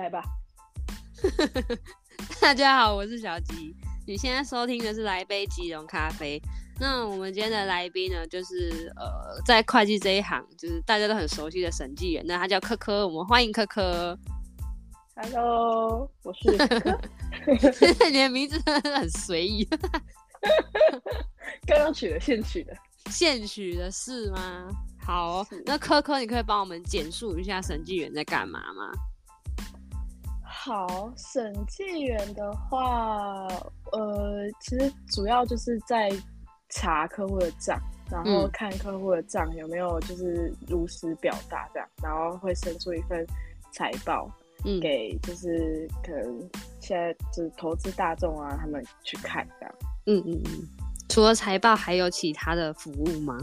來吧， 大家好，我是小吉。你現在收聽的是《來杯吉隆咖啡》。那我們今天的來賓呢，就是呃，在會計這一行，就是大家都很熟悉的審計員。那他叫科科，我們歡迎科科。Hello，我是科科。你的名字真的很隨意。剛剛取了現取的，現取的是嗎？好，的那科科，你可以幫我們簡述一下審計員在幹嘛嗎？好，審計員的話，呃，其實主要就是在查客戶的賬，然後看客戶的賬有沒有就是如實表達這樣，然後會生出一份財報給就是可能現在就是投資大眾啊，他們去看這樣。嗯嗯嗯。除了財報，還有其他的服務嗎？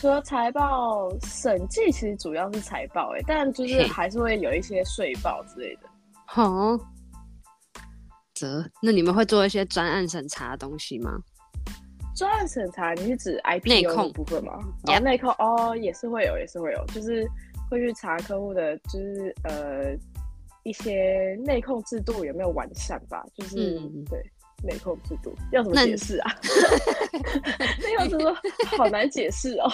除了財報，審計其實主要是財報，欸，誒，但就是還是會有一些稅報之類的。好，則、哦、那你們會做一些專案審查的東西嗎？專案審查，你是指 IPO 內控部分嗎？內、哦、控哦，也是會有，也是會有，就是會去查客戶的，就是呃一些內控制度有沒有完善吧。就是、嗯、對內控制度要怎麼解釋啊？那 內控制度好難解釋哦。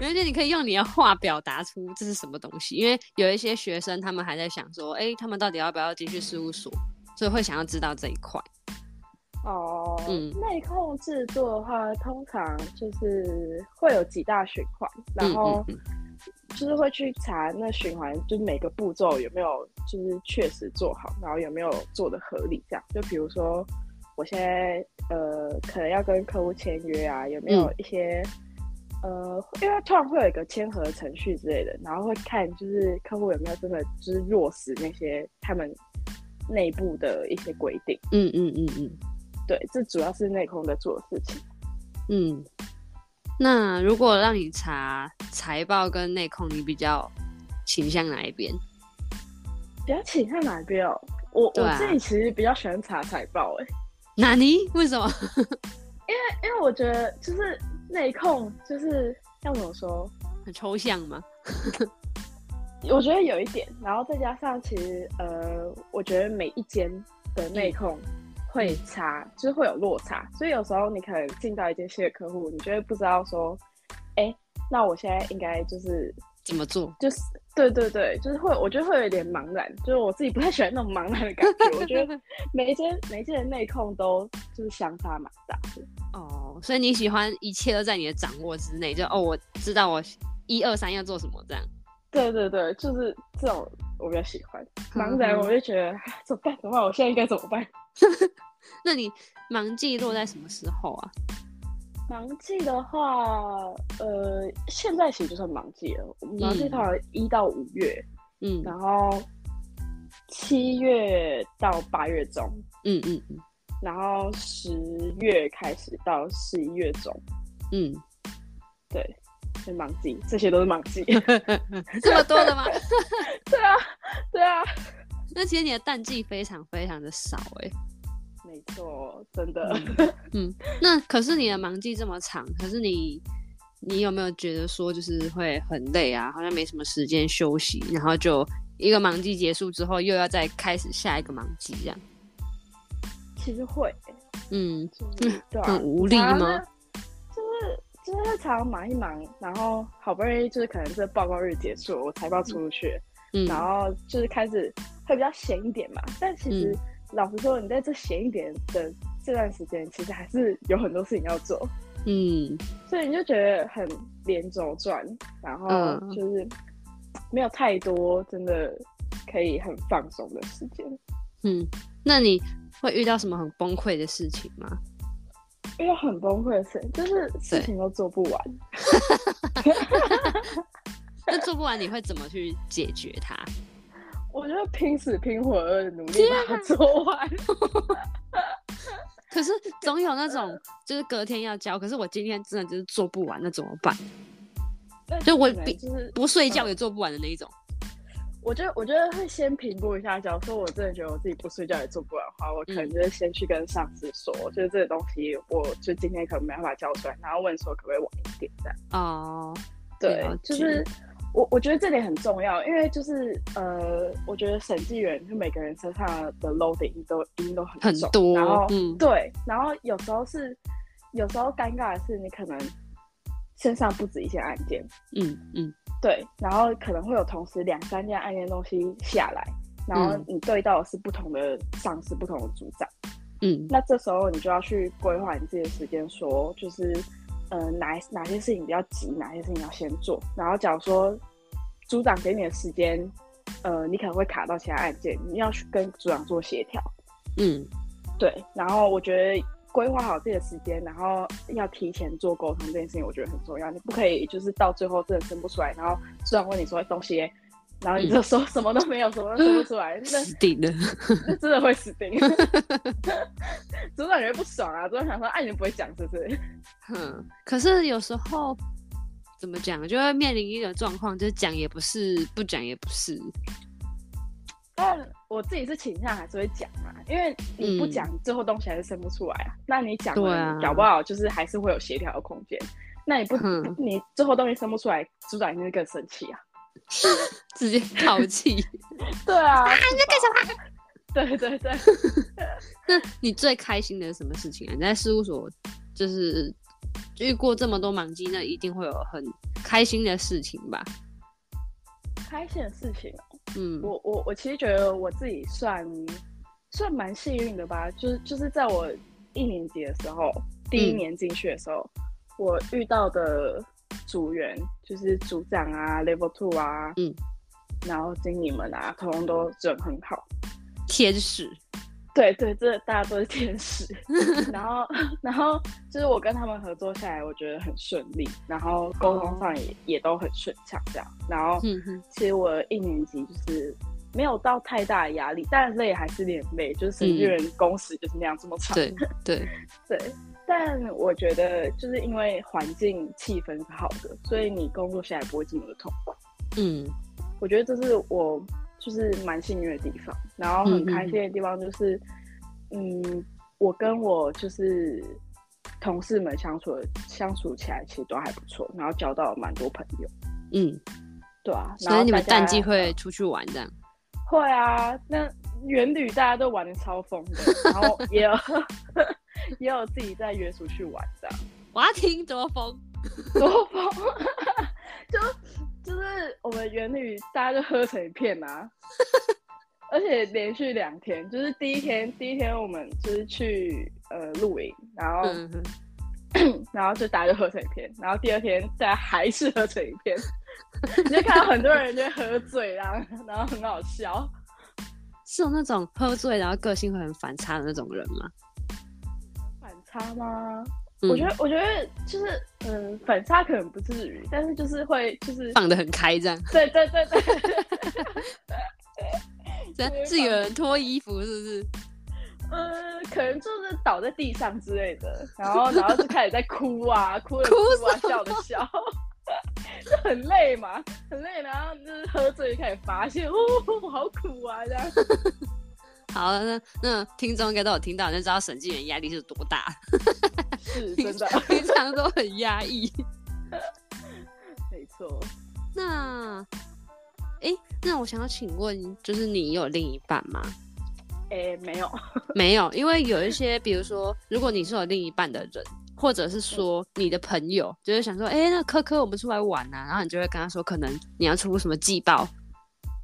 有些你可以用你的話表達出這是什麼東西，因為有一些學生他們還在想說，哎、欸，他們到底要不要進去事務所，所以會想要知道這一塊。哦、呃，嗯、內控制作的話，通常就是會有幾大循環，然後就是會去查那循環，就是每個步驟有沒有就是確實做好，然後有沒有做得合理，這樣。就比如說，我現在呃，可能要跟客戶簽約啊，有沒有一些。呃，因為他突然會有一個簽核程序之類的，然後會看就是客戶有沒有真的就是落實那些他們內部的一些規定。嗯嗯嗯嗯，嗯嗯嗯對，這主要是內控在做的事情。嗯，那如果讓你查財報跟內控，你比較傾向哪一邊？比較傾向哪一邊哦？我、啊、我自己其實比較喜歡查財報哎、欸。哪裡？為什麼？ 因為因為我覺得就是。內控就是要怎麼說？很抽象嗎？ 我覺得有一點，然後再加上其實呃，我覺得每一間的內控會差，嗯、就是會有落差，所以有時候你可能進到一間新的客戶，你就會不知道說，哎、欸，那我現在應該就是怎麼做？就是對對對，就是會我覺得會有一點茫然，就是我自己不太喜歡那種茫然的感覺。 我覺得每一間每一間的內控都就是相差蠻大的。哦。所以你喜歡一切都在你的掌握之內，就哦，我知道我一二三要做什麼這樣。對對對，就是這種我比較喜歡。忙起來，我就覺得唉，怎麼辦？怎麼辦？我現在應該怎麼辦？ 那你忙季落在什麼時候啊？忙季的話，呃，現在其實就算忙季了。我們忙季通常一到五月，嗯，然後七月到八月中，嗯嗯嗯。然後十月開始到十一月中，嗯，對，是忙季，這些都是忙季，這麼多的嗎？ 對啊，對啊。那其實你的淡季非常非常的少欸，，哎，沒錯，真的。嗯。嗯，那可是你的忙季這麼長，可是你，你有沒有覺得說就是會很累啊？好像沒什麼時間休息，然後就一個忙季結束之後又要再開始下一個忙季這樣。其實會，嗯，對啊、很無力嗎？常常就是就是常常忙一忙，然後好不容易就是可能這報告日結束，我才要出去，嗯、然後就是開始會比較閒一點嘛。嗯、但其實、嗯、老實說，你在這閒一點的這段時間，其實還是有很多事情要做。嗯，所以你就覺得很連軸轉，然後就是沒有太多真的可以很放鬆的時間。嗯，那你？會遇到什麼很崩潰的事情嗎？遇到很崩潰的事，就是事情都做不完。那做不完，你會怎麼去解決它？我覺得拼死拼活的努力把它做完。可是總有那種，就是隔天要交，可是我今天真的就是做不完，那怎麼辦？是就我比、就是、不睡覺也做不完的那一種。嗯我覺得我覺得會先評估一下，假如說我真的覺得我自己不睡覺也做不完的話，我可能就會先去跟上司說，嗯、就是這個東西，我就今天可能沒辦法交出來，然後問說可不可以晚一點這樣。哦，對，了解，就是我我覺得這點很重要，因為就是呃，我覺得審計員就每個人身上的 loading 都一定都很重，很多，然後、嗯、對，然後有時候是有時候尷尬的是，你可能。身上不止一件案件，嗯嗯，嗯對，然後可能會有同時兩三件案件東西下來，然後你對到的是不同的上司、嗯、不同的組長，嗯，那這時候你就要去規劃你自己的時間，說就是，呃，哪哪些事情比較急，哪些事情要先做，然後假如說組長給你的時間，呃，你可能會卡到其他案件，你要去跟組長做協調，嗯，對，然後我覺得。規劃好自己的時間，然後要提前做溝通這件事情，我覺得很重要。你不可以就是到最後真的生不出來，然後組長問你說東西，然後你就說什麼都沒有，嗯、什麼都說不出來，嗯、那死定了，真的會死定。組長 覺得不爽啊，組長想說：“哎，你不會講是不是？”哼、嗯，可是有時候怎麼講，就會面臨一種狀況，就是講也不是，不講也不是。但我自己是傾向還是會講啊，因為你不講，最後東西還是生不出來啊。嗯、那你講，搞不好就是還是會有協調的空間。啊、那你不，嗯、你最後東西生不出來，組長一定是更生氣啊，直接淘氣對。 對啊，啊飽你在幹什麼？對對對。 那你最開心的是什麼事情啊？你在事務所就是遇過這麼多忙季，那一定會有很開心的事情吧？開心的事情。嗯，我我我其實覺得我自己算算蠻幸運的吧，就是就是在我一年級的時候，嗯、第一年進去的時候，我遇到的組員就是組長啊，level two 啊，嗯，然後經理們啊，通通都人很好，天使。對對，這大家都是天使。 然後，然後就是我跟他們合作下來，我覺得很順利，然後溝通上也、哦、也都很順暢，這樣。然後，嗯、哼其實我一年級就是沒有到太大的壓力，但累還是有點累，嗯、就是因為工時就是那樣這麼長。對對 對，但我覺得就是因為環境氣氛是好的，所以你工作下來不會這麼的痛苦。嗯，我覺得這是我。就是蠻幸運的地方，然後很開心的地方就是，嗯，嗯，嗯，我跟我就是同事們相處相處起來其實都還不錯，然後交到了蠻多朋友。嗯，對啊，然後所以你們淡季會出去玩這樣？會啊，那員旅大家都玩得超瘋的，然後也有 也有自己在約出去玩的。我要聽多瘋，多瘋多風 就。就是我們員旅，大家就喝成一片啊， 而且連續兩天，就是第一天第一天我們就是去呃露營，然後、嗯、哼 然後就大家就喝成一片，然後第二天大家還是喝成一片， 你就看到很多人就喝醉啦、啊，然後很好笑，是有那種喝醉然後個性會很反差的那種人嗎？反差嗎？嗯、我覺得，我覺得就是，嗯，反差可能不至於，但是就是會，就是放得很開這樣。對對對對。然後 是，是有人脫衣服，是不是？嗯，可能就是倒在地上之類的，然後然後就開始在哭啊， 哭着哭啊，哭着哭啊笑的笑。就 很累嘛，很累，然後就是喝醉，開始發現，哦，好苦啊這樣。 好，那那聽眾應該都有聽到，就知道審計員壓力是多大， 是，真的，平 常都很壓抑 沒錯，沒錯。那，誒、欸，那我想要請問，就是你有另一半嗎？誒、欸，沒有， 沒有，因為有一些，比如說，如果你是有另一半的人，或者是說你的朋友，嗯、就會想說，誒、欸，那科科我們出來玩啊，然後你就會跟他說，可能你要出什麼季報、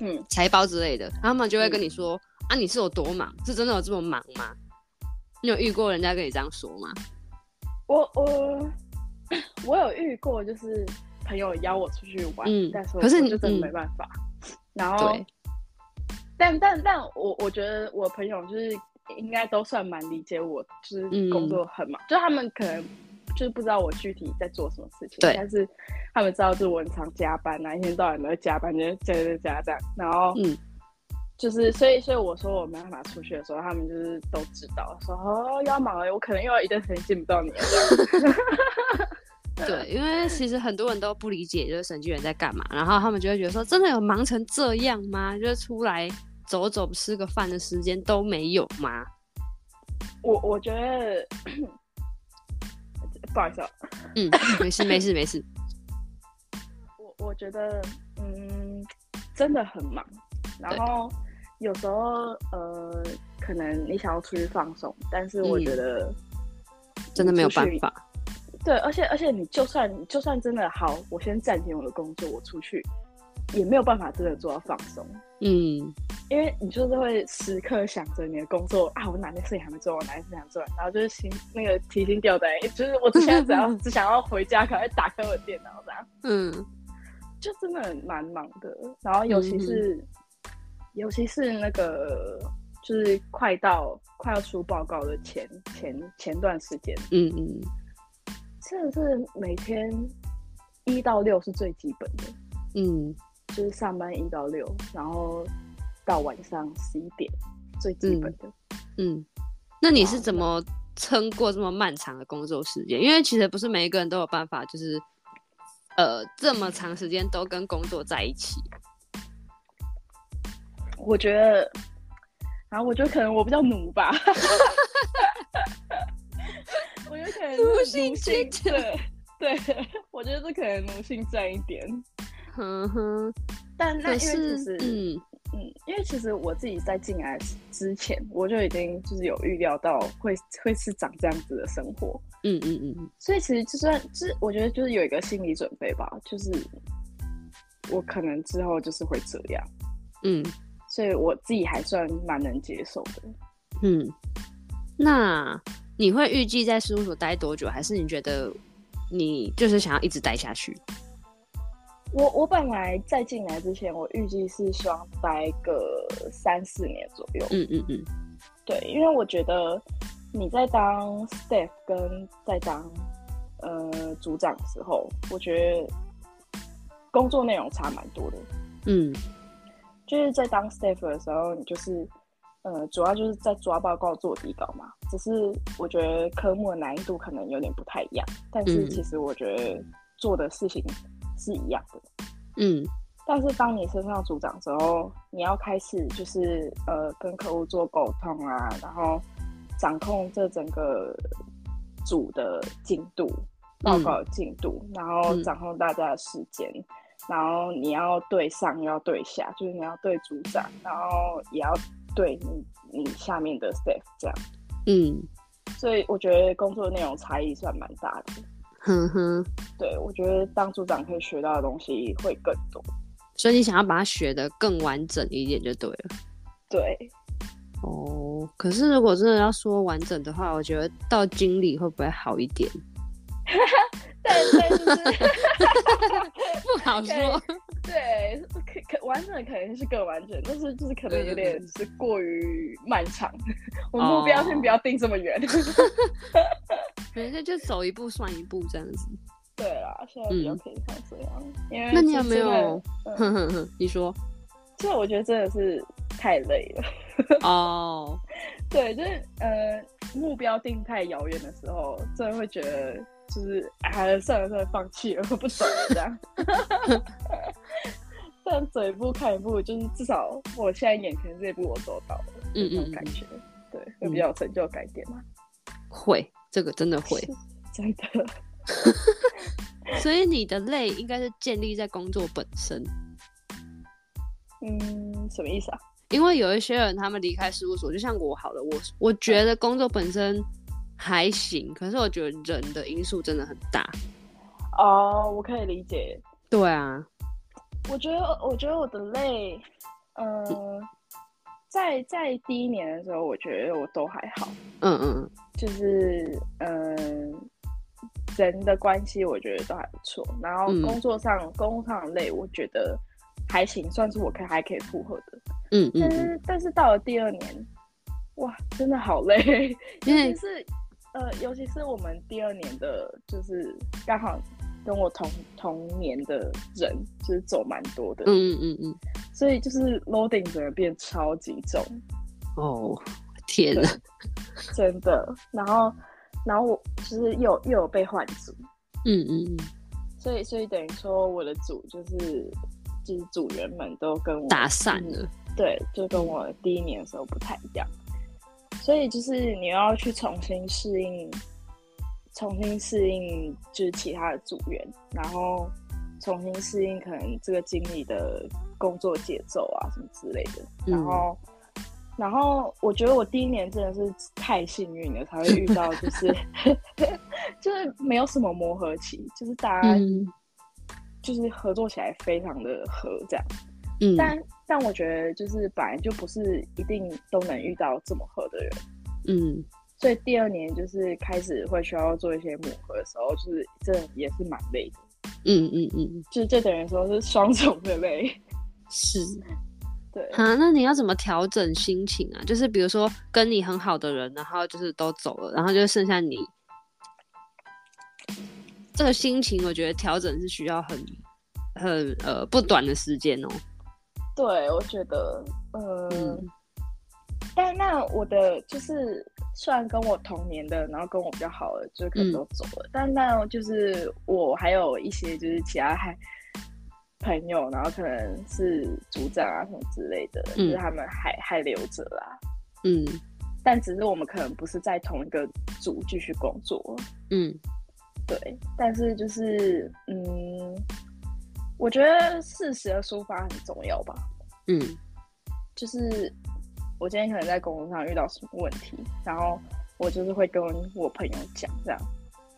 嗯，財報之類的，然後他們就會跟你說。嗯啊！你是有多忙？是真的有這麼忙嗎？你有遇過人家跟你這樣說嗎？我我我有遇過，就是朋友邀我出去玩，嗯、但是可是你就真的沒辦法。嗯、然後，對但但但我我覺得我朋友就是應該都算蠻理解我，就是工作很忙，嗯、就他們可能就是不知道我具體在做什麼事情，對。但是他們知道是我很常加班、啊，哪一天到晚沒有加班，就加加這樣這樣，然後，嗯。就是，所以，所以我說我沒辦法出去的時候，他們就是都知道說，說哦，要忙了，我可能又要一段時間見不到你了。對， 對 因為其實很多人都不理解，就是審計員在幹嘛，然後他們就會覺得說，真的有忙成這樣嗎？就是出來走走，吃個飯的時間都沒有嗎？我我覺得， 不好意思，嗯， 沒事，沒事，沒事。我我覺得，嗯，真的很忙，然後。有時候，呃，可能你想要出去放鬆，但是我覺得、嗯、真的沒有辦法。對，而且而且你，你就算就算真的好，我先暫停我的工作，我出去也沒有辦法真的做到放鬆。嗯，因為你就是會時刻想着你的工作啊，我哪件事情還沒做完，我哪件事情還沒做完，然後就是心那個提心吊膽，就是我只想只要 只想要回家，可能會打開我的電腦，這樣，嗯，就真的蠻忙的。然後尤其是。嗯嗯尤其是那個，就是快到快要出報告的前前前段時間。嗯。嗯嗯。這是每天一到六是最基本的。嗯。就是上班一到六，然後到晚上十一點，最基本的。嗯。嗯。那你是怎麼撐過這麼漫長的工作時間？因為其實不是每一個人都有辦法，就是呃這麼長時間都跟工作在一起。我覺得，然後我覺得可能我比較奴吧， 我覺得可能奴性占，對，我覺得這可能奴性占一點，哼呵，但那是因為其實嗯嗯，因為其實我自己在進來之前，我就已經就是有預料到會會是長這樣子的生活，嗯嗯嗯，嗯嗯所以其實就算這，就是、我覺得就是有一個心理準備吧，就是我可能之後就是會這樣，嗯。所以我自己還算蠻能接受的。嗯，那你會預計在事務所待多久？還是你覺得你就是想要一直待下去？我我本來在進來之前，我預計是希望待個三四年左右。嗯嗯嗯，嗯嗯對，因為我覺得你在當 staff 跟在當呃組長的時候，我覺得工作內容差蠻多的。嗯。就是在當 staff 的時候，你就是，呃，主要就是在抓報告、做底稿嘛。只是我覺得科目的難度可能有點不太一樣，但是其實我覺得做的事情是一樣的。嗯。但是當你升上的組長之後，你要開始就是呃跟客戶做溝通啊，然後掌控這整個組的進度、報告的進度，然後掌控大家的時間。嗯嗯然後你要對上，又要對下，就是你要對組長，然後也要對你你下面的 staff 這樣。嗯，所以我覺得工作內容差異算蠻大的。哼哼呵，對，我覺得當組長可以學到的東西會更多，所以你想要把它學得更完整一點就對了。對，哦，可是如果真的要說完整的話，我覺得到經理會不會好一點？ 但是不好說，對，可可完整可能是更完整，但是就是可能有點是過於漫長。嗯、 我們目標先不要定這麼遠，反 這、哦、 就走一步算一步這樣子。對啦，所以我望可以像這樣。嗯、因為、就是、那你有沒有對呵呵呵？你說，這我覺得真的是太累了。 哦，對，就是呃，目標定太遙遠的時候，真的會覺得。就是還算了算了，放棄了，了我不走了這樣。 但走一步看一步，就是至少我現在眼前這一步我做到了，嗯嗯感覺對，會比較有成就感一點嘛？會，這個真的會，真的。 所以你的累應該是建立在工作本身。嗯，什麼意思啊？因為有一些人他們離開事務所，就像我好了，我我覺得工作本身。嗯還行，可是我覺得人的因素真的很大。哦，oh, 我可以理解。對啊，我覺得，我覺得我的累，呃、嗯，在在第一年的時候，我覺得我都還好。嗯嗯就是，嗯、呃，人的關係，我覺得都還不錯。然後工作上，嗯、工作上累，我覺得還行，算是我可以還可以負荷的。嗯嗯。但是，但是到了第二年，哇，真的好累，因為、就是。呃，尤其是我們第二年的，就是剛好跟我同同年的人，就是走蠻多的。嗯嗯嗯嗯。嗯嗯所以就是 loading 整個變超級重。哦，天啊！真的。然後，然後我就是又又有被換組。嗯嗯嗯。嗯嗯所以，所以等於說，我的組就是就是組員們都跟我打散了。對，就跟我第一年的時候不太一樣。所以就是你要去重新適應，重新適應就是其他的組員，然後重新適應可能這個經理的工作節奏啊什麼之類的，嗯、然後，然後我覺得我第一年真的是太幸運了，才會遇到就是 就是沒有什麼磨合期，就是大家就是合作起來非常的合這樣。但、嗯、但我覺得就是本來就不是一定都能遇到這麼合的人，嗯，所以第二年就是開始會需要做一些磨合的時候，就是這也是蠻累的，嗯嗯嗯，嗯嗯就是這等於說是雙重的累，是，對，好，那你要怎麼調整心情啊？就是比如說跟你很好的人，然後就是都走了，然後就剩下你，這個心情我覺得調整是需要很很呃不短的時間哦、喔。對，我覺得，呃、嗯，但那我的就是，算跟我同年的，然後跟我比較好的，就可能都走了，嗯、但那就是我還有一些就是其他還朋友，然後可能是組長啊什麼之類的，嗯、就是他們還還留着啦。嗯，但只是我們可能不是在同一個組繼續工作。嗯，對，但是就是，嗯。我覺得事實的抒發很重要吧。嗯,就是我今天可能在工作上遇到什麼問題，然後我就是會跟我朋友講這樣。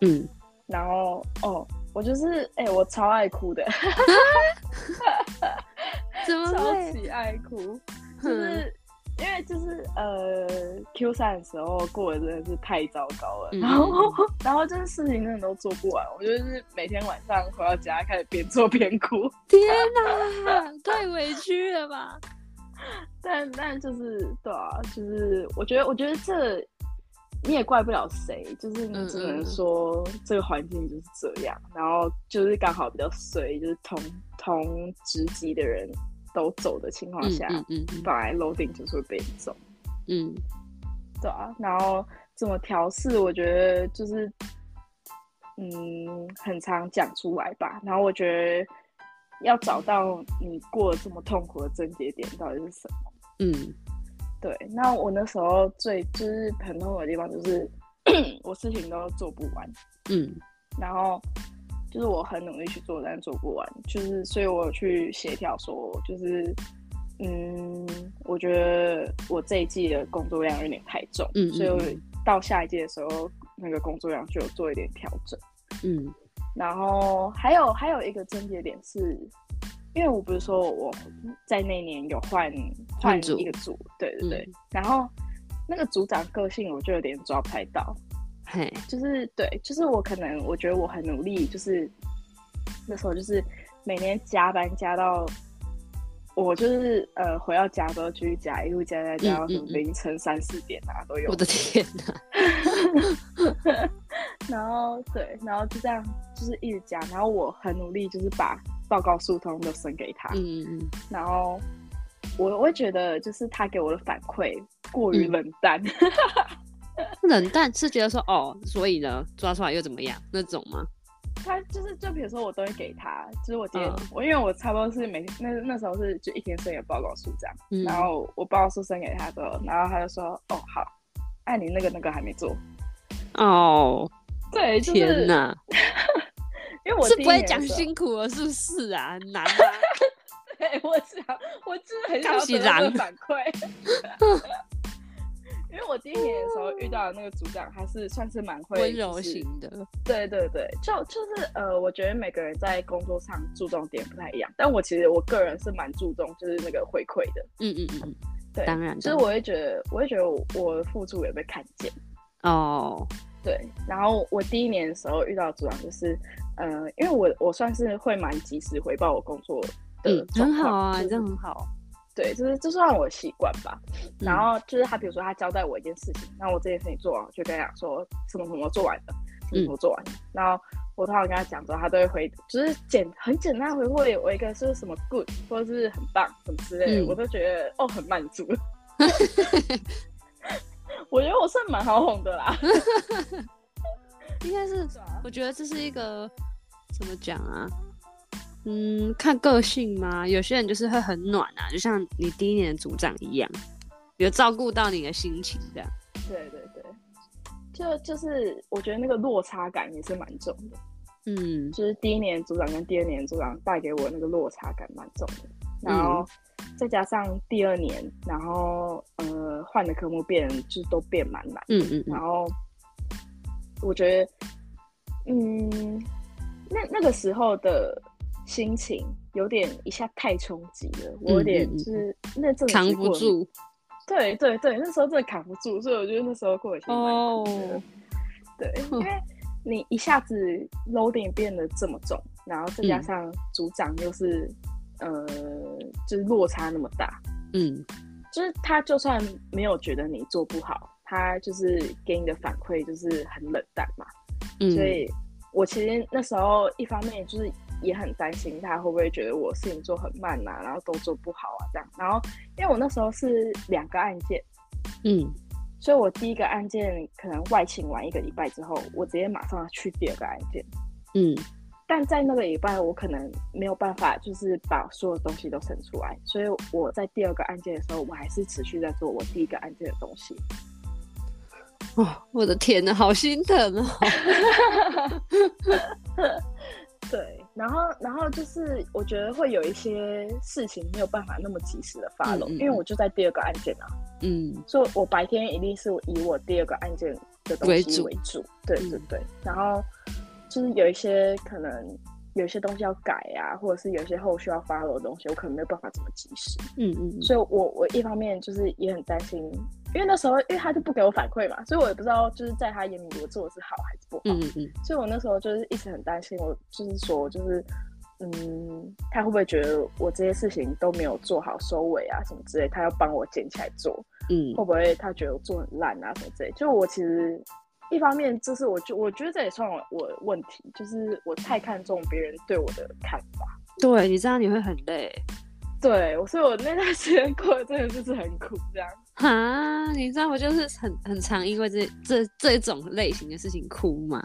嗯，然後哦，我就是哎、欸，我超愛哭的， 超級愛哭， 就是。嗯因為就是呃，Q 三的時候過得真的是太糟糕了，嗯，然後然後這個事情真的都做不完，我就是每天晚上回到家開始邊做邊哭。天哪，啊， 太委屈了吧？ 但但就是對啊，就是我覺得我覺得這你也怪不了誰，就是你只能說這個環境就是這樣，嗯嗯，然後就是剛好比較衰，就是同同職級的人。都走的情況下，嗯嗯嗯、本來 loading 就是會被你走。嗯，對啊。然後怎麼調試？我覺得就是，嗯，很常講出來吧。然後我覺得要找到你過這麼痛苦的症結點到底是什麼？嗯，對。那我那時候最就是很痛苦的地方就是 我事情都做不完。嗯，然後。就是我很努力去做，但做不完。就是，所以我去協調說，就是，嗯，我覺得我這一季的工作量有點太重，嗯，嗯，嗯，所以我到下一季的時候，那個工作量就有做一點調整，嗯。然後還有還有一個癥結點是，因為我不是說我在那年有換換一個組，對對對。嗯、然後那個組長個性，我就有點抓不太到。嘿，Hey. 就是對，就是我可能我覺得我很努力，就是那時候就是每天加班加到我就是呃回到家都繼續加，一路加加加到凌晨三四點啊，嗯嗯嗯都有。我的天吶、啊， 然後對，然後就這樣就是一直加，然後我很努力就是把報告疏通都送給他，嗯嗯，然後我我會覺得就是他給我的反饋過於冷淡。嗯 冷淡是覺得說哦，所以呢，抓出來又怎麼樣那種嗎？他就是，就比如說我都會給他，就是我今天，呃、我，因為我差不多是每那那時候是就一天生有報告書這樣，嗯、然後我報告書送給他之後，然後他就說哦好，哎、啊、你那個那個還沒做哦，對，就是、天吶、啊， 因為我是不會講辛苦了，是不是啊？難啊！ 對我想我真的很想得到反饋。是 因為我第一年的時候遇到的那個組長，還是算是蠻會溫柔型的，對對對，就就是呃，我覺得每個人在工作上注重點不太一樣，但我其實我個人是蠻注重就是那個回饋的，嗯嗯嗯，嗯嗯對，當然，當然，就是我也覺得，我也覺得我，我的付出有被看見，哦，oh. 對，然後我第一年的時候遇到組長就是，呃，因為我我算是會蠻及時回報我工作的嗯，嗯，很好啊，就是、這很好。對，就是就是讓我習慣吧。然後就是他，比如說他交代我一件事情，那、嗯、我這件事情做完，就跟他講說什麼什麼做完的，什麼、嗯、什麼做完的。然後我通常跟他講之後，他都會回，就是簡很簡單回我一個是什麼 good，或是很棒什麼之類的，嗯、我都覺得哦很滿足。 我覺得我算蠻好哄的啦。 應該是，我覺得這是一個怎麼講啊？嗯，看個性嘛，有些人就是會很暖啊，就像你第一年的組長一樣，有照顧到你的心情這樣。對對對，就就是我覺得那個落差感也是蠻重的。嗯，就是第一年的組長跟第二年的組長帶給我那個落差感蠻重的。然後再加上第二年，然後呃換的科目變，就是都變蠻難。嗯，嗯嗯。然後我覺得，嗯，那那個時候的。心情有點一下太衝擊了，我有點就是嗯嗯嗯，那陣扛不住，對對對，那時候真的扛不住，所以我覺得那時候過也挺難的。Oh. 對，因為你一下子 loading 變得這麼重，然後再加上組長又、就是、嗯、呃，就是落差那麼大，嗯，就是他就算沒有覺得你做不好，他就是給你的反饋就是很冷淡嘛，嗯，所以我其實那時候一方面就是。也很擔心他會不會覺得我事情做很慢吶、啊，然後都做不好啊這樣。然後因為我那時候是兩個案件，嗯，所以我第一個案件可能外勤完一個禮拜之後，我直接馬上去第二個案件，嗯，但在那個禮拜我可能沒有辦法，就是把所有東西都生出來，所以我在第二個案件的時候，我還是持續在做我第一個案件的東西。哦，我的天吶、啊，好心疼哦。 對。然後，然後就是我覺得會有一些事情沒有辦法那麼及時的發落、嗯，嗯、因為我就在第二個案件啊，嗯，所以我白天一定是以我第二個案件的東西為主，為主對、嗯、對對，然後就是有一些可能。.有些東西要改啊，或者是有些後續要發 o 的東西，我可能沒有辦法怎麼及時。嗯，嗯嗯，所以我我一方面就是也很擔心，因為那時候因為他就不給我反饋嘛，所以我也不知道就是在他眼裡我做的是好還是不好。嗯，嗯嗯，所以我那時候就是一直很擔心，我就是說就是嗯，他會不會覺得我這些事情都沒有做好收尾啊什麼之類，他要幫我撿起來做。嗯，會不會他覺得我做很爛啊什麼之類？就我其實。一方面就是我覺，我覺得這也算我問題，就是我太看重別人對我的看法。對，你知道你會很累。對，所以我那段時間過得真的就是很苦，這樣。哈，你知道我就是很很常，因為這這這種類型的事情哭嘛？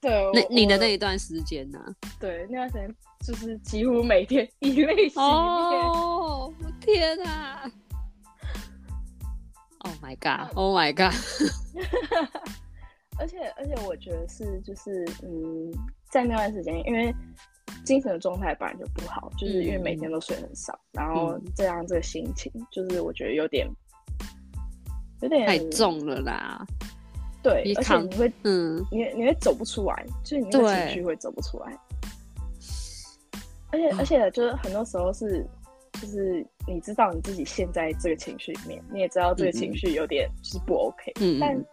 對，那你的那一段時間呢、啊？對，那段時間就是幾乎每天以淚洗面。哦、oh, 啊，天哪！Oh my god! Oh my god! 而且而且，而且我覺得是就是嗯，在那段時間，因為精神的狀態本來就不好，嗯、就是因為每天都睡很少，然後這樣這個心情，嗯、就是我覺得有點有點太重了啦。對，你看而且你會嗯，你你會走不出來，就是你那個情緒會走不出來。而且對而且，而且就是很多時候是就是你知道你自己陷在這個情緒裡面，你也知道這個情緒有點就是不 OK，嗯嗯但。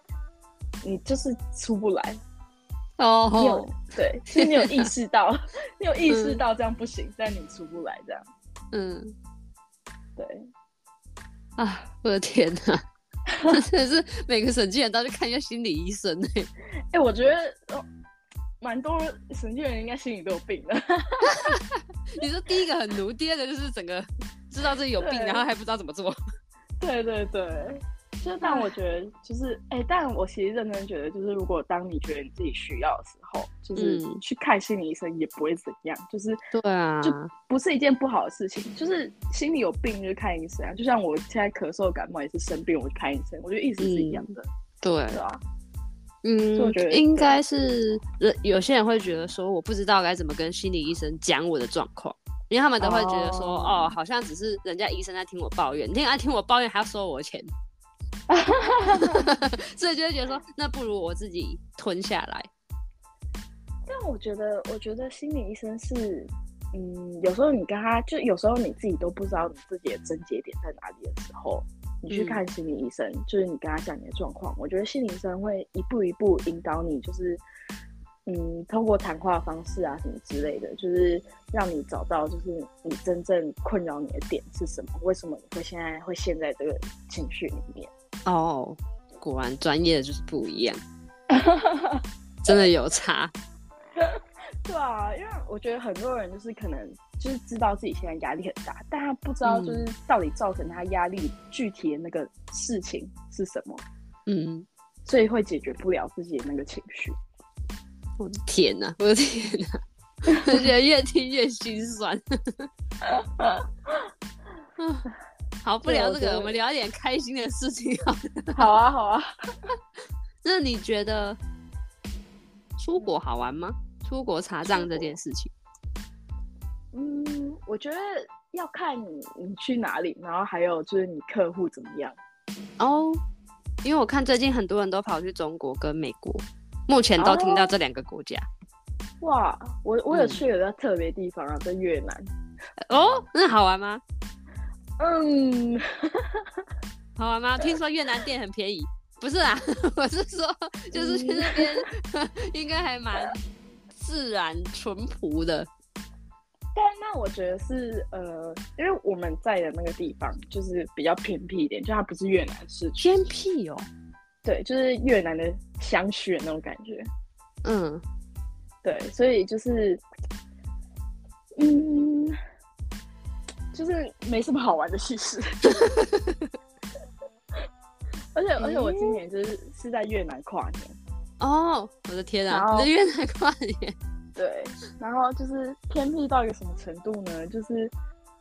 你就是出不來哦，、oh, oh.，對，是你有意識到，Yeah. 你有意識到這樣不行，嗯、但你出不來，這樣，嗯，對，啊，我的天哪，真的是每個審計員都要去看一下心理醫生哎、欸，我覺得，蠻、哦、多審計員應該心裡都有病的， 你說第一個很奴，第二個就是整個知道自己有病，對然後還不知道怎麼做，對，對對對。就是，但我覺得，就是，哎、欸，但我其實認真覺得，就是如果當你覺得你自己需要的時候，就是去看心理醫生也不會怎樣，就是對啊，就不是一件不好的事情。就是心理有病就看醫生啊，就像我現在咳嗽、感冒也是生病，我就看醫生，我覺得意思是一樣的。嗯、對，對啊，嗯，我覺得應該是人，有些人會覺得說，我不知道該怎麼跟心理醫生講我的狀況，因為他們都會覺得說，oh. 哦，好像只是人家醫生在聽我抱怨，你愛聽我抱怨還要收我錢。 所以就會覺得說，那不如我自己吞下來。但我覺得，我覺得心理醫生是，嗯，有時候你跟他，就有時候你自己都不知道你自己的症結點在哪裡的時候，你去看心理醫生，嗯、就是你跟他講你的狀況，我覺得心理醫生會一步一步引導你，就是嗯，通過談話方式啊，什麼之類的，就是讓你找到，就是你真正困擾你的點是什麼，為什麼你會現在會陷在這個情緒裡面。哦，果然專業的就是不一樣， 真的有差。 對啊，因為我覺得很多人就是可能就是知道自己現在壓力很大，但他不知道就是到底造成他壓力具體的那個事情是什麼。嗯，所以會解決不了自己的那個情緒、啊。我的天哪、啊！我的天哪！我覺得越聽越心酸。 好，不聊這個，我們聊一點開心的事情。好，好啊，好啊。 那你覺得出國好玩嗎？出國查賬這件事情？嗯，我覺得要看你，你去哪裡，然後還有就是你客戶怎麼樣。哦，oh, 因為我看最近很多人都跑去中國跟美國，目前都聽到這兩個國家。哇、oh. wow，我我有去一個特別地方啊，在越南。哦、嗯，oh, 那好玩嗎？嗯， 好玩嗎？聽說越南店很便宜，不是啊？我是說，就是去那邊、嗯、 應該還蠻自然淳樸的。但那我覺得是呃，因為我們在的那個地方就是比較偏僻一點，就它不是越南市區，偏僻哦。對，就是越南的鄉野那種感覺。嗯，對，所以就是，嗯。就是沒什麼好玩的趣事， 而且、嗯、而且我今年就是是在越南跨年哦，我的天啊！後你在越南跨年，對，然後就是偏僻到一個什麼程度呢？就是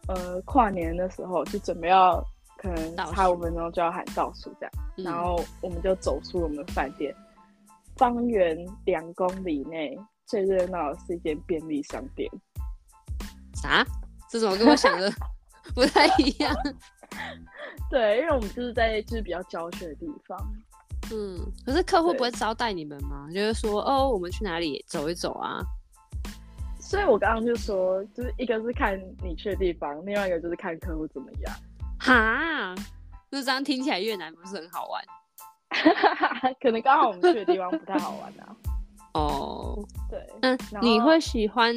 呃，跨年的時候就準備要可能差五分鐘就要喊倒數這樣，數然後我們就走出我們飯店，嗯、方圓兩公里內最熱鬧的是一間便利商店，啥、啊？這怎麼跟我想的不太一樣？ 對，因為我們就是在就是比較郊區的地方。嗯，可是客戶不會招待你們嗎？對就是說哦，我們去哪裡走一走啊？所以我剛剛就說，就是一個是看你去的地方，另外一個就是看客戶怎麼樣。哈，就是這樣聽起來越南不是很好玩？ 可能剛好我們去的地方不太好玩啊。 哦，對，嗯，後你會喜歡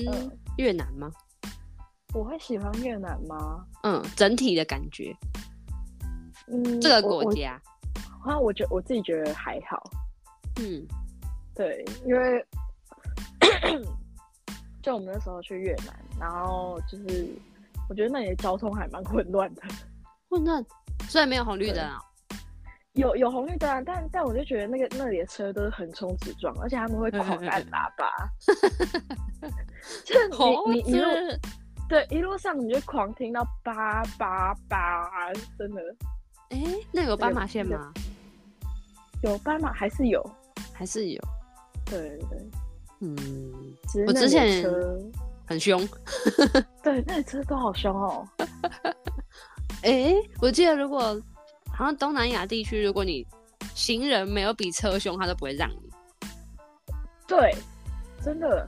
越南嗎？呃我會喜歡越南嗎？嗯，整體的感覺，嗯，這個國家，啊，我覺我自己覺得還好，嗯，對，因為 就我們那時候去越南，然後就是我覺得那裡的交通還蠻混亂的，混亂，雖然沒有紅綠燈啊，有有紅綠燈啊，但但我就覺得那個那裡的車都是橫衝直撞，而且他們會狂按喇叭，哈哈哈哈哈，對，一路上你就狂聽到叭叭叭，真的。哎、欸，那有斑馬線嗎？有斑馬還是有，還是有。是有對，對對，嗯，我之前很凶。對，那車都好凶哦。哎、 欸，我記得如果好像東南亞地區，如果你行人沒有比車凶，他都不會讓你。對，真的。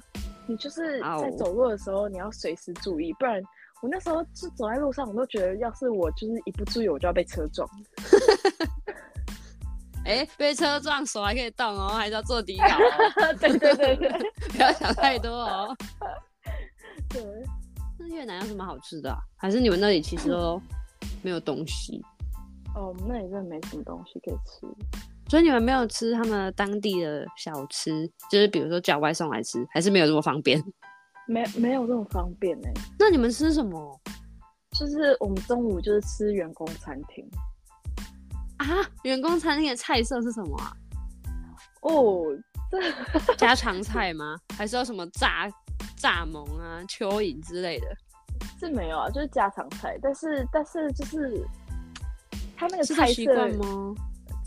你就是在走路的時候，oh. 你要隨時注意，不然我那時候是走在路上，我都覺得要是我就是一不注意，我就要被車撞。哎、 欸，被車撞手還可以動哦，還是要做底稿？ 對，對對對， 不要想太多哦。 對，那越南有什麼好吃的啊？還是你們那裡其實都沒有東西？哦，我們那裡真的沒什麼東西可以吃。所以你們沒有吃他們當地的小吃，就是比如說叫外送來吃，還是沒有這麼方便？沒沒有這麼方便呢、欸。那你們吃什麼？就是我們中午就是吃員工餐廳。啊，員工餐廳的菜色是什麼啊？哦，這家常菜嗎？ 還是要什麼炸炸萌啊、蚯蚓之類的？是沒有啊，就是家常菜。但是但是就是，他們有菜色的嗎？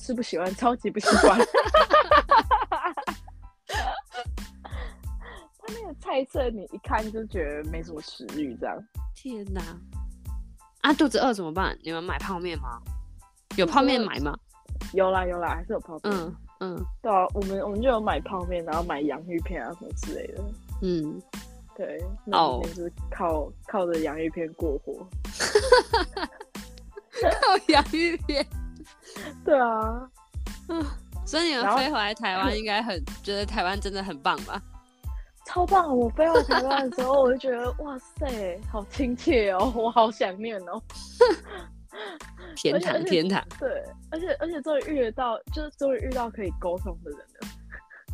是不喜歡，超級不喜歡。 他那個菜色，你一看就覺得沒什麼食慾，這樣。天哪！啊，肚子餓怎麼辦？你們買泡麵嗎？有泡麵買嗎？有啦有啦，還是有泡麵、嗯。嗯嗯，對啊，我們我們就有買泡麵，然後買洋芋片啊什麼之類的。嗯，對，那我們是靠噢靠着洋芋片過活。 靠洋芋片。 對啊、嗯，所以你們飛回來台灣，應該很覺得台灣真的很棒吧？超棒！我飛回台灣的時候，我就覺得 哇塞，好親切哦，我好想念哦。 天堂，且天堂！對，而且而且終於遇得到，就是終於遇到可以溝通的人了。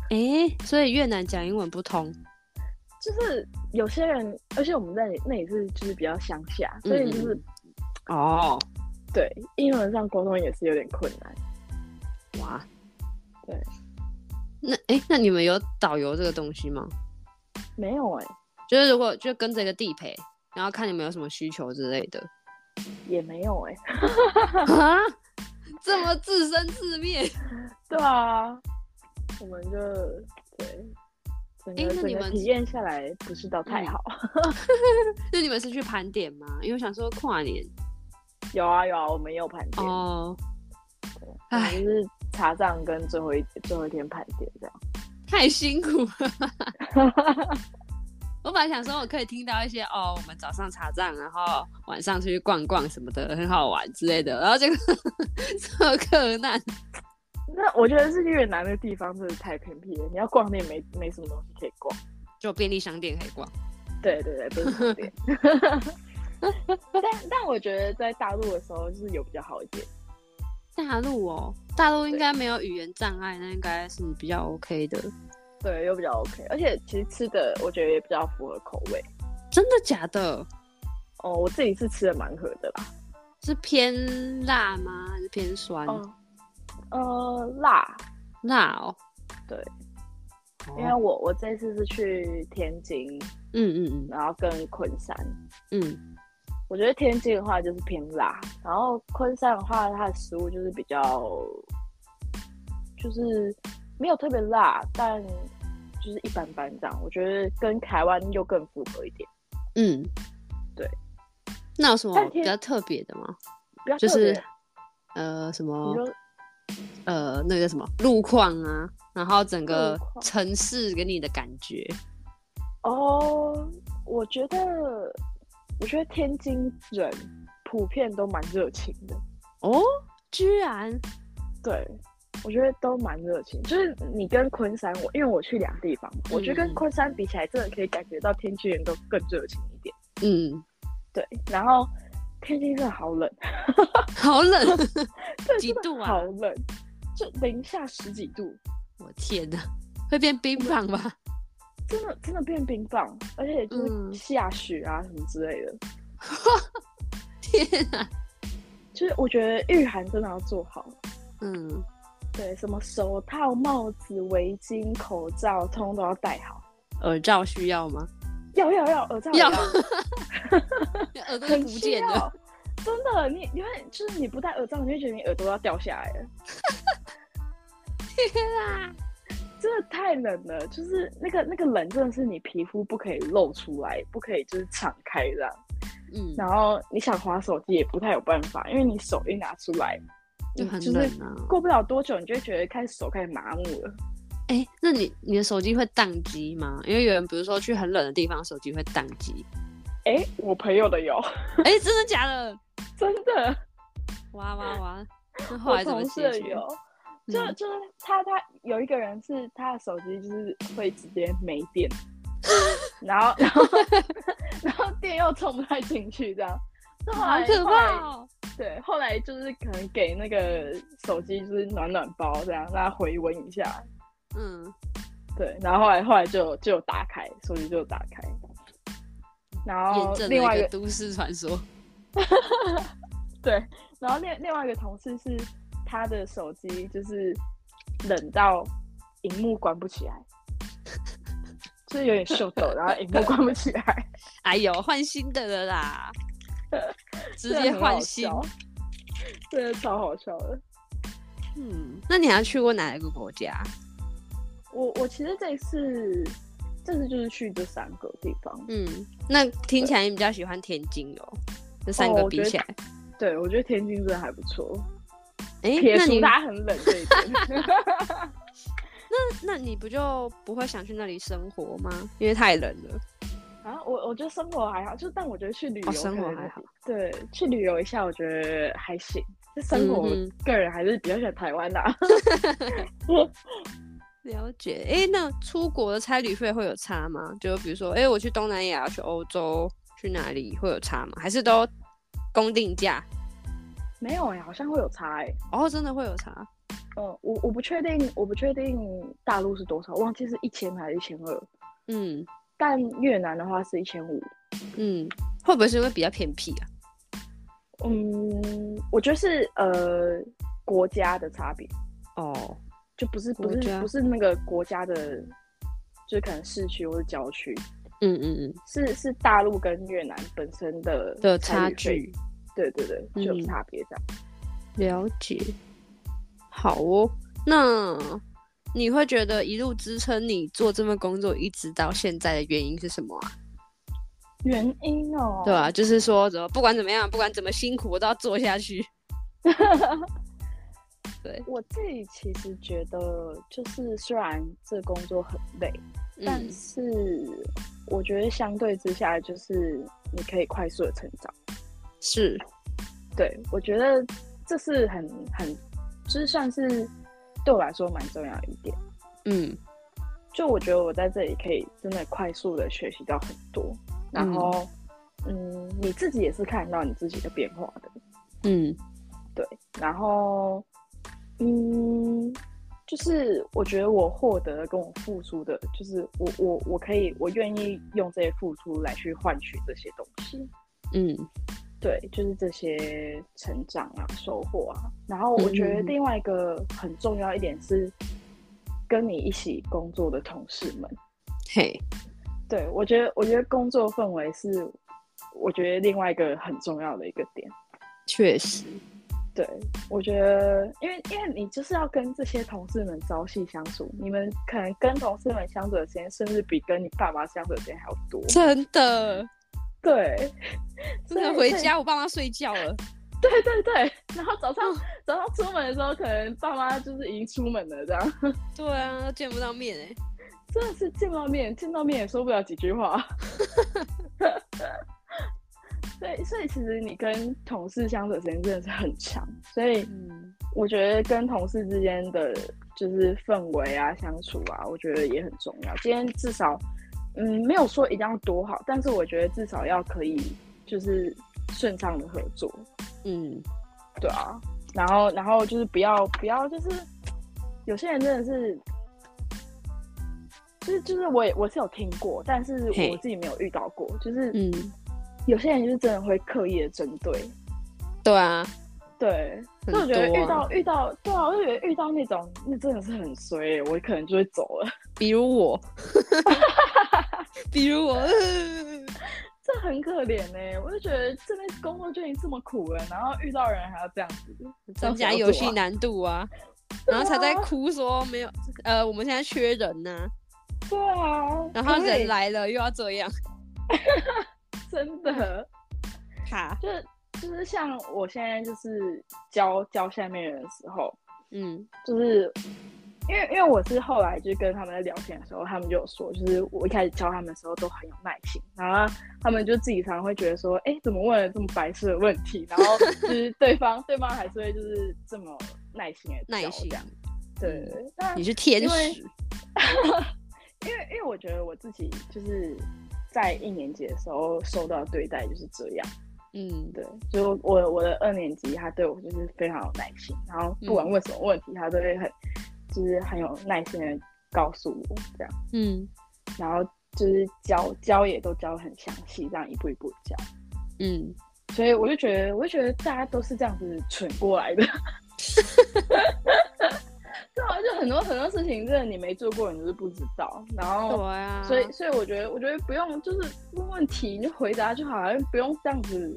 哎、欸，所以越南講英文不通，就是有些人，而且我們在那也是就是比較鄉下，所以就是、嗯、哦。對，英文上溝通也是有點困難。哇，對，那哎、欸，那你們有導遊這個東西嗎？沒有哎、欸，就是如果就跟這個地陪，然後看你們有什麼需求之類的，也沒有哎、欸 ，這麼自生自滅。 對啊，我們就對，因為、欸、你們體驗下來不是到太好。那你， 那你們是去盤點嗎？因為我想說跨年。有啊有啊，我們也有盤點哦，oh. 對，就是查賬跟最後一唉最後一天盤點這樣，太辛苦了。 我本來想說我可以聽到一些哦，我們早上查賬，然後晚上出去逛逛什麼的，很好玩之類的。然後結果這個難， 那我覺得是越南的地方真的太偏僻了，你要逛也沒沒什麼東西可以逛，就便利商店可以逛。對對對，便利店。 但但我覺得在大陸的時候是有比較好一點。大陸哦，大陸應該沒有語言障礙，那對應該是比較 OK 的。對，又比較 OK，而且其實吃的我覺得也比較符合口味。真的假的？哦，我自己是吃的蠻合的啦。是偏辣嗎？還是偏酸？呃、呃，辣辣哦，對。哦、因為我我這次是去天津，嗯嗯嗯，然後跟昆山，嗯。我覺得天津的話就是偏辣，然後昆山的話，它的食物就是比較，就是沒有特別辣，但就是一般般這樣。我覺得跟台灣又更符合一點。嗯，對。那有什麼比較特別的嗎？就是呃什麼就呃那個什麼路況啊，然後整個城市給你的感覺。哦，我覺得。我覺得天津人普遍都蠻熱情的。哦，居然，對我覺得都蠻熱情。就是你跟昆山我，我因為我去兩個地方嘛，嗯、我覺得跟昆山比起來，真的可以感覺到天津人都更熱情一點。嗯，對。然後天津真的好冷， 好冷， 好冷，幾度啊？好冷，就零下十幾度。我天哪，會變冰棒嗎？嗯真的真的變冰棒，而且就是下雪啊什麼之類的。嗯、 天啊！就是我覺得御寒真的要做好。嗯，對，什麼手套、帽子、圍巾、口罩，通通都要戴好。耳罩需要嗎？要要要，耳罩要。耳朵不見了，真的，你你會就是你不戴耳罩，你會覺得你耳朵要掉下來。 天啊！真的太冷了，就是那個那個冷，真的是你皮膚不可以露出來，不可以就是敞開的。嗯，然後你想滑手機也不太有辦法，因為你手一拿出來，就很冷啊。過不了多久，你就會覺得開始手開始麻木了。哎、欸，那你你的手機會宕機嗎？因為有人比如說去很冷的地方手，手機會宕機。哎，我朋友的有。哎、 欸，真的假的？真的。哇哇哇，了， 後來怎就就是他他有一個人是他的手機就是會直接沒電，嗯、然後然後 然後電又充不太進去，這樣。這好可怕哦！對，後來就是可能給那個手機就是暖暖包，這樣讓他回溫一下。嗯，對，然後後來後來就就打開，手機就打開。然後另外一個都市傳說。 對，然後另另外一個同事是。他的手機就是冷到屏幕關不起來， 就是有點秀逗，然後屏幕關不起來。哎 呦，換新的了啦， 直接換新，真的 超好笑的。嗯，那你還要去過哪一個國家？我我其實這一次這次就是去這三個地方。嗯，那聽起來你比較喜歡天津哦、喔，對這三個比起來，哦、我對我覺得天津真的還不錯。哎，那、欸、他很冷對的。那那你不就不會想去那裡生活嗎？因為太冷了。啊，我我覺得生活還好，就但我覺得去旅遊、哦、生活還好。對，去旅遊一下我覺得還行。就生活個人還是比較喜歡台灣的啊。了解。哎、欸，那出國的差旅費會有差嗎？就比如說，哎、欸，我去東南亞、去歐洲、去哪裡會有差嗎？還是都公定價？沒有哎、欸，好像會有差哎、欸，哦，真的會有差，嗯，我我不確定，我不確定大陸是多少，我忘記是一千還是一千二，嗯，但越南的話是一千五，嗯，會不會是因為比較偏僻啊？嗯，我覺得是呃國家的差別哦，就不是國家，不是不是那個國家的，就是可能市區或者郊區，嗯嗯嗯，是是大陸跟越南本身的差嗯嗯本身的差距。對對對，就差別這樣，嗯，了解。好哦，那你會覺得一路支撐你做這份工作一直到現在的原因是什麼啊？原因哦，對啊，就是說，怎麼不管怎麼樣，不管怎麼辛苦，我都要做下去。 對，我自己其實覺得，就是雖然這工作很累，嗯，但是我覺得相對之下，就是你可以快速的成長。是，對，我覺得這是很很，就是算是對我來說蠻重要的一點。嗯，就我覺得我在這裡可以真的快速的學習到很多，然後，嗯，嗯，你自己也是看到你自己的變化的。嗯，對，然後，嗯，就是我覺得我獲得跟我付出的，就是我我我可以我願意用這些付出來去換取這些東西。嗯。對，就是這些成長啊、收穫啊。然後我覺得另外一個很重要一點是，跟你一起工作的同事們。嘿，對，我覺得，我覺得工作氛圍是我覺得另外一個很重要的一個點。確實，對，我覺得因為因為你就是要跟這些同事們朝夕相處，你們可能跟同事們相處的時間，甚至比跟你爸爸相處的時間還要多。真的。對，真的回家，所以我爸媽睡覺了。對對對，然後早上、嗯、早上出門的時候，可能爸媽就是已經出門了，這樣。對啊，見不到面哎、欸，真的是見不到面，見到面也說不了幾句話。所以 所以其實你跟同事相處的時間真的是很長，所以我覺得跟同事之間的就是氛圍啊、相處啊，我覺得也很重要。今天至少。嗯，沒有說一定要多好，但是我覺得至少要可以，就是順暢的合作。嗯，對啊，然後，然後就是不要，不要，就是有些人真的是，就是就是我我是有聽過，但是我自己沒有遇到過，嘿就是嗯，有些人就是真的會刻意的針對。對啊，對。所以我覺得遇到、啊、遇到，遇到對啊，我就覺得遇到那種那真的是很衰、欸，我可能就會走了。比如我， 比如我， 這很可憐哎、欸！我就覺得這邊工作就已經這麼苦了，然後遇到人還要這樣子增加遊戲難度啊，啊然後才在哭說沒有呃，我們現在缺人呢、啊，對啊，然後人來了 又要這樣， 真的卡哈就是。就是像我現在就是教教下面的人的時候，嗯，就是因為因為我是後來就跟他們在聊天的時候，他們就有說，就是我一開始教他們的時候都很有耐心，然後他們就自己常常會覺得說，哎、欸，怎麼問了這麼白痴的問題，然後就是對方 對方還是會就是這麼耐心的耐心，對，嗯、那你是天使，因為 因為我覺得我自己就是在一年級的時候受到對待就是這樣。嗯，對，就我我的二年級，他對我就是非常有耐心，然後不管問什麼問題，他都會很、嗯、就是很有耐心的告訴我這樣，嗯，然後就是教教也都教得很詳細，這樣一步一步一教，嗯，所以我就覺得我就覺得大家都是這樣子蠢過來的。 很多很多事情，真的你沒做過，你就是不知道。然後，對啊、所以，所以我覺得，我覺得不用就是問問題，你就回答就好了，不用這樣子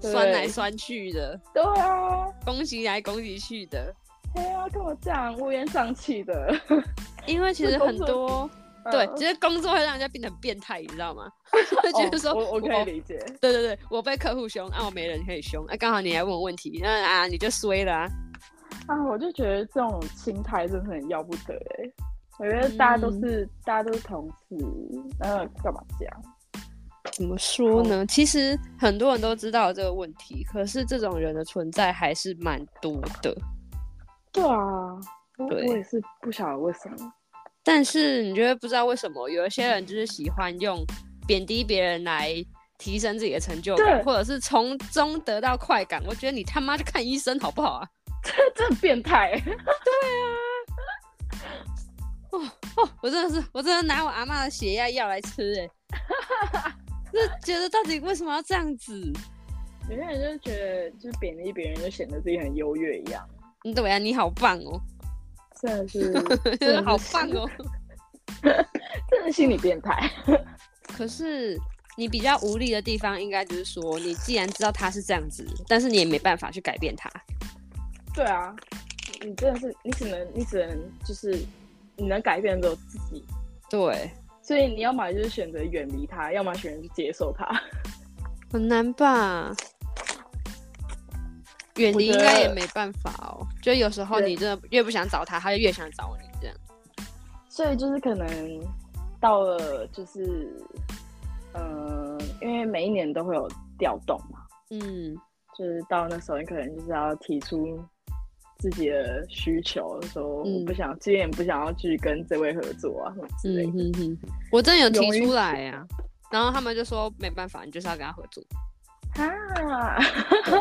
酸來酸去的。對啊，攻擊來攻擊去的。對啊，跟我這樣，烏煙瘴氣的。因為其實很多，對，嗯、其實工作會讓人家變得變態，你知道嗎？會覺得說，oh, 我，我可以理解。對對對，我被客戶凶，那、啊、我沒人可以凶。哎、啊，剛好你還問我問題，那啊，你就衰了啊。啊啊，我就覺得這種心態真的很要不得哎！我覺得大家都是、嗯、大家都是同事，然後幹嘛這樣？怎麼說呢？哦、其實很多人都知道這個問題，可是這種人的存在還是蠻多的。對啊，對，我也是不曉得為什麼。但是你覺得不知道為什麼，有一些人就是喜歡用貶低別人來提升自己的成就感，對或者是從中得到快感。我覺得你他媽去看醫生好不好啊？這這變態、欸。對啊，哦哦，我真的是，我真的拿我阿嬤的血壓藥來吃哎、欸。這 覺得到底為什麼要這樣子？有些人就覺得，就貶低別人，就顯得自己很優越一樣。你對啊，你好棒哦、喔，真的是 真的好棒哦、喔， 真的心理變態。 可是你比較無力的地方，應該就是說，你既然知道他是這樣子，但是你也沒辦法去改變他。對啊，你真的是，你只能，你只能，就是你能改變只有自己。對，所以你要嘛就是選擇遠離他，要麼選擇去接受他，很難吧？遠離應該也沒辦法哦、喔，就有時候你真的越不想找他，他就越想找你這樣。所以就是可能到了就是，呃，因為每一年都會有調動嘛，嗯，就是到那時候你可能就是要提出。自己的需求，說我不想，嗯、今天也不想要去跟這位合作啊什麼之類的。我真的有提出來呀、啊，然後他們就說沒辦法，你就是要跟他合作啊。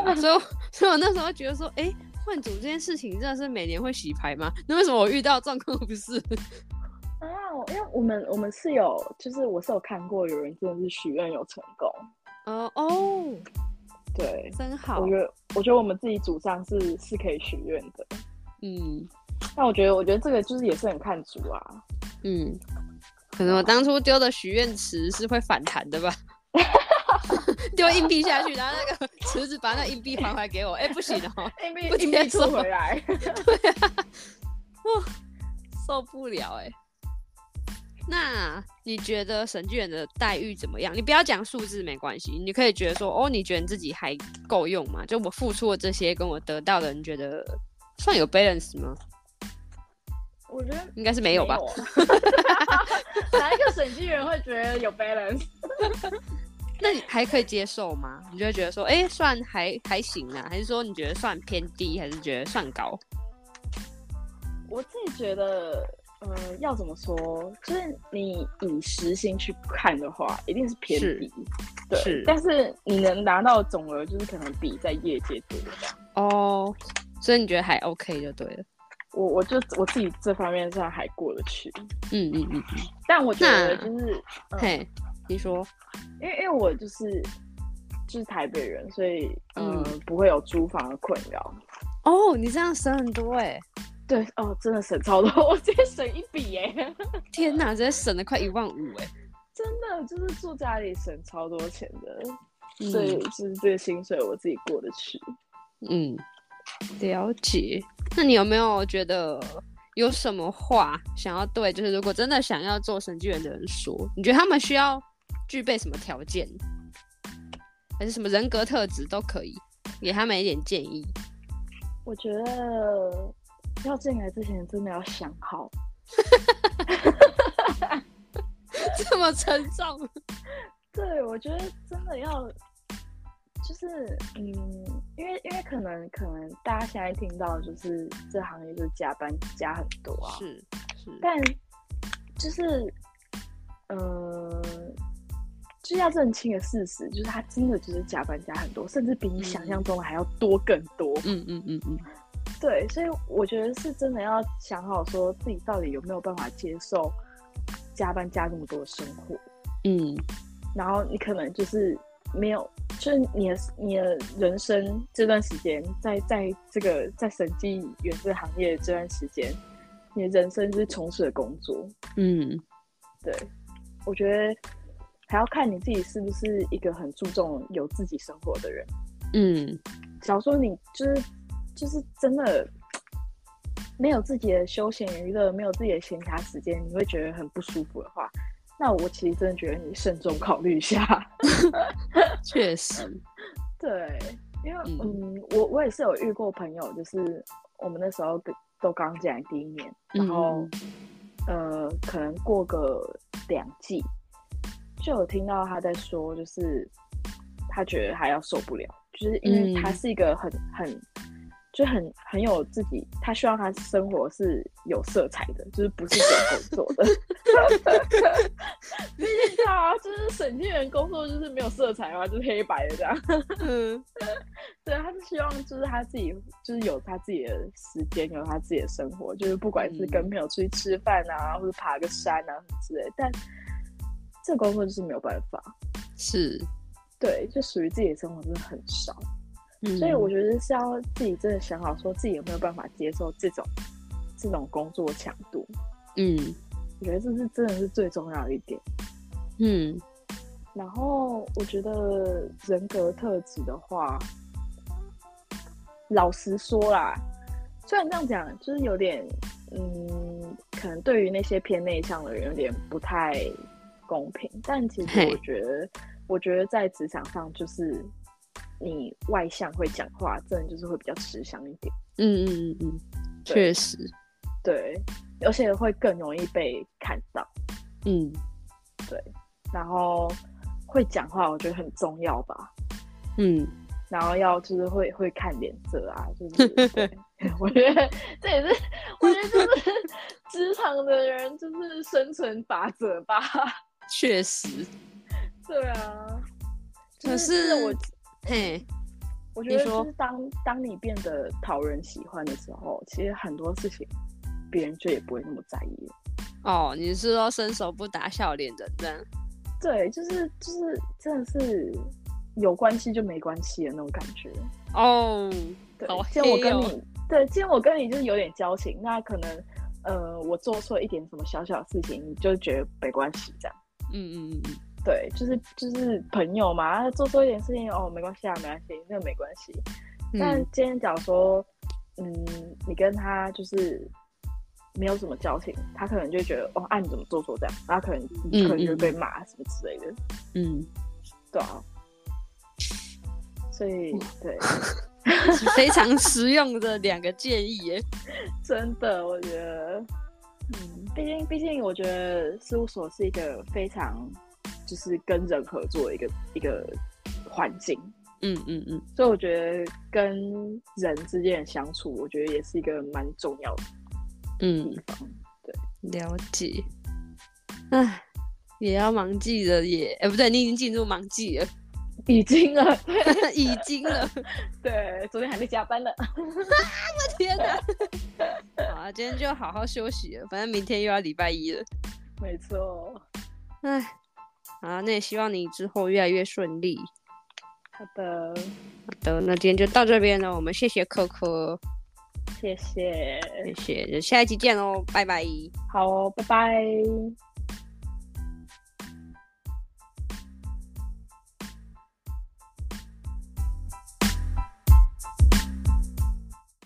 對 所以，所以我那時候覺得說，哎，換組這件事情真的是每年會洗牌嗎？那為什麼我遇到狀況不是？啊、哦，因為我們我們是有，就是我是有看過有人真的是許願有成功。哦哦。哦對，真好。我覺得，我覺得我們自己祖上是是可以許願的。嗯，但我覺得，我覺得這個就是也是很看足啊。嗯，可能我當初丟的許願池是會反彈的吧。丟 硬幣下去，然後那個池子把那個硬幣還回來給我。哎、欸，不行的哦， 硬幣幣硬幣收回來。對啊。哇、 啊，受不了哎、欸。那你覺得審計員的待遇怎麼樣？你不要講數字沒關係，你可以覺得說，哦，你覺得你自己還夠用嗎？就我付出的這些跟我得到的，你覺得算有 balance 嗎？我覺得應該是沒有吧。沒有 哪一個審計員會覺得有 balance？ 那你還可以接受嗎？你就會覺得說，哎，算還還行啊？還是說你覺得算偏低，還是覺得算高？我自己覺得。呃、要怎麼說？就是你以時薪去看的話，一定是偏低，是對。是但是你能拿到的總額，就是可能比在業界多。哦，oh, 所以你覺得還 OK 就對了。我我就我自己這方面上還過得去。嗯嗯嗯。嗯嗯嗯但我覺得就是，那嗯、嘿，你說，因為因為我就是就是台北人，所以、呃、嗯，不會有租房的困擾。哦，oh, 你這樣省很多哎、欸。對哦，真的省超多，我直接省一筆哎、欸！天哪，直接省了快一萬五哎！真的、欸、真的就是住家裡省超多錢的，嗯、所以就是這個薪水我自己過得去。嗯，了解。那你有沒有覺得有什麼話想要對？就是如果真的想要做審計員的人說，你覺得他們需要具備什麼條件，還是什麼人格特質都可以，給他們一點建議？我覺得。要進來之前，真的要想好，這麼沉重對。對，我覺得真的要，就是嗯，因為因為可能可能大家現在聽到的就是這行業就是加班加很多啊，是是，是但就是，呃，就要認清的事實，就是他真的就是加班加很多，甚至比你想象中的還要多更多。嗯嗯嗯嗯。嗯嗯嗯對，所以我覺得是真的要想好，說自己到底有沒有辦法接受加班加這麼多的生活。嗯，然後你可能就是沒有，就是你的你的人生這段時間在，在在這個在審計員這個行業這段時間，你的人生就是從事的工作。嗯，對，我覺得還要看你自己是不是一個很注重有自己生活的人。嗯，假如說你就是。就是真的沒有自己的休閒娛樂，沒有自己的閒暇時間，你會覺得很不舒服的話，那我其實真的覺得你慎重考慮一下。確 實， 對，因為嗯,嗯，我我也是有遇過朋友，就是我們那時候都剛進來第一年，然後、嗯、呃，可能過個兩季，就有聽到他在說，就是他覺得還要受不了，就是因為他是一個很、嗯、很。就很很有自己，他希望他生活是有色彩的，就是不是純工作的。 你知道啊，就是審計員工作就是沒有色彩嘛，就是黑白的這樣。 嗯， 對，他是希望就是他自己就是有他自己的時間，有他自己的生活，就是不管是跟朋友出去吃飯啊，嗯、或者爬個山啊什麼之類。但這個工作就是沒有辦法，是，對，就屬於自己的生活真的很少。所以我覺得是要自己真的想好，說自己有沒有辦法接受這種、嗯、這種工作強度。嗯，我覺得這是真的是最重要的一點。嗯，然後我覺得人格特質的話，老實說啦，雖然這樣講就是有點，嗯，可能對於那些偏內向的人有點不太公平，但其實我覺得，嘿我覺得在職場上就是。你外向會講話，這樣就是會比較吃香一點。嗯嗯嗯嗯，確、嗯嗯嗯、對實，對，而且會更容易被看到。嗯，對。然後會講話，我覺得很重要吧。嗯，然後要就是會會看臉色啊，就是 我覺得這也是，我覺得就是職 場的人就是生存法則吧。確實，對啊。就是、可是我。嗯，嘿我覺得就是當你說當你變得討人喜歡的時候，其實很多事情別人就也不會那麼在意。哦，你是說伸手不打笑臉人？這樣。對，就是就是真的是有關係就沒關係的那種感覺。哦，對哦，對。哦，既然我跟你對，既然我跟你就是有點交情，那可能呃我做錯一點什麼小小的事情，你就覺得沒關係，這樣。嗯嗯嗯嗯。對，就是就是朋友嘛，做錯一點事情，哦，沒關係啊，沒關係，那個沒關係。但今天講說，嗯，嗯，你跟他就是沒有什麼交情，他可能就覺得哦，按、啊、你怎麼做錯這樣，然後可能你可能就被罵、嗯嗯、什麼之類的。嗯，懂、啊。所以對，非常實用的兩個建議耶， 真的，我覺得，嗯，畢竟畢竟我覺得事務所是一個非常。就是跟人合作一個一個環境，嗯嗯嗯，嗯嗯，所以我覺得跟人之間的相處，我覺得也是一個蠻重要的，嗯，對，了解，哎，也要忙季了耶，哎、欸、不對，你已經進入忙季了，已經了，已經了，對，了 了 對，昨天還沒加班呢，我 天吶。好啊，今天就好好休息，反正明天又要禮拜一了，沒錯錯，哎。啊，那也希望你之後越來越順利。好的，好的，那今天就到這邊了。我們謝謝柯柯，謝謝，謝謝，下一期見拜拜哦，拜拜。好，拜拜。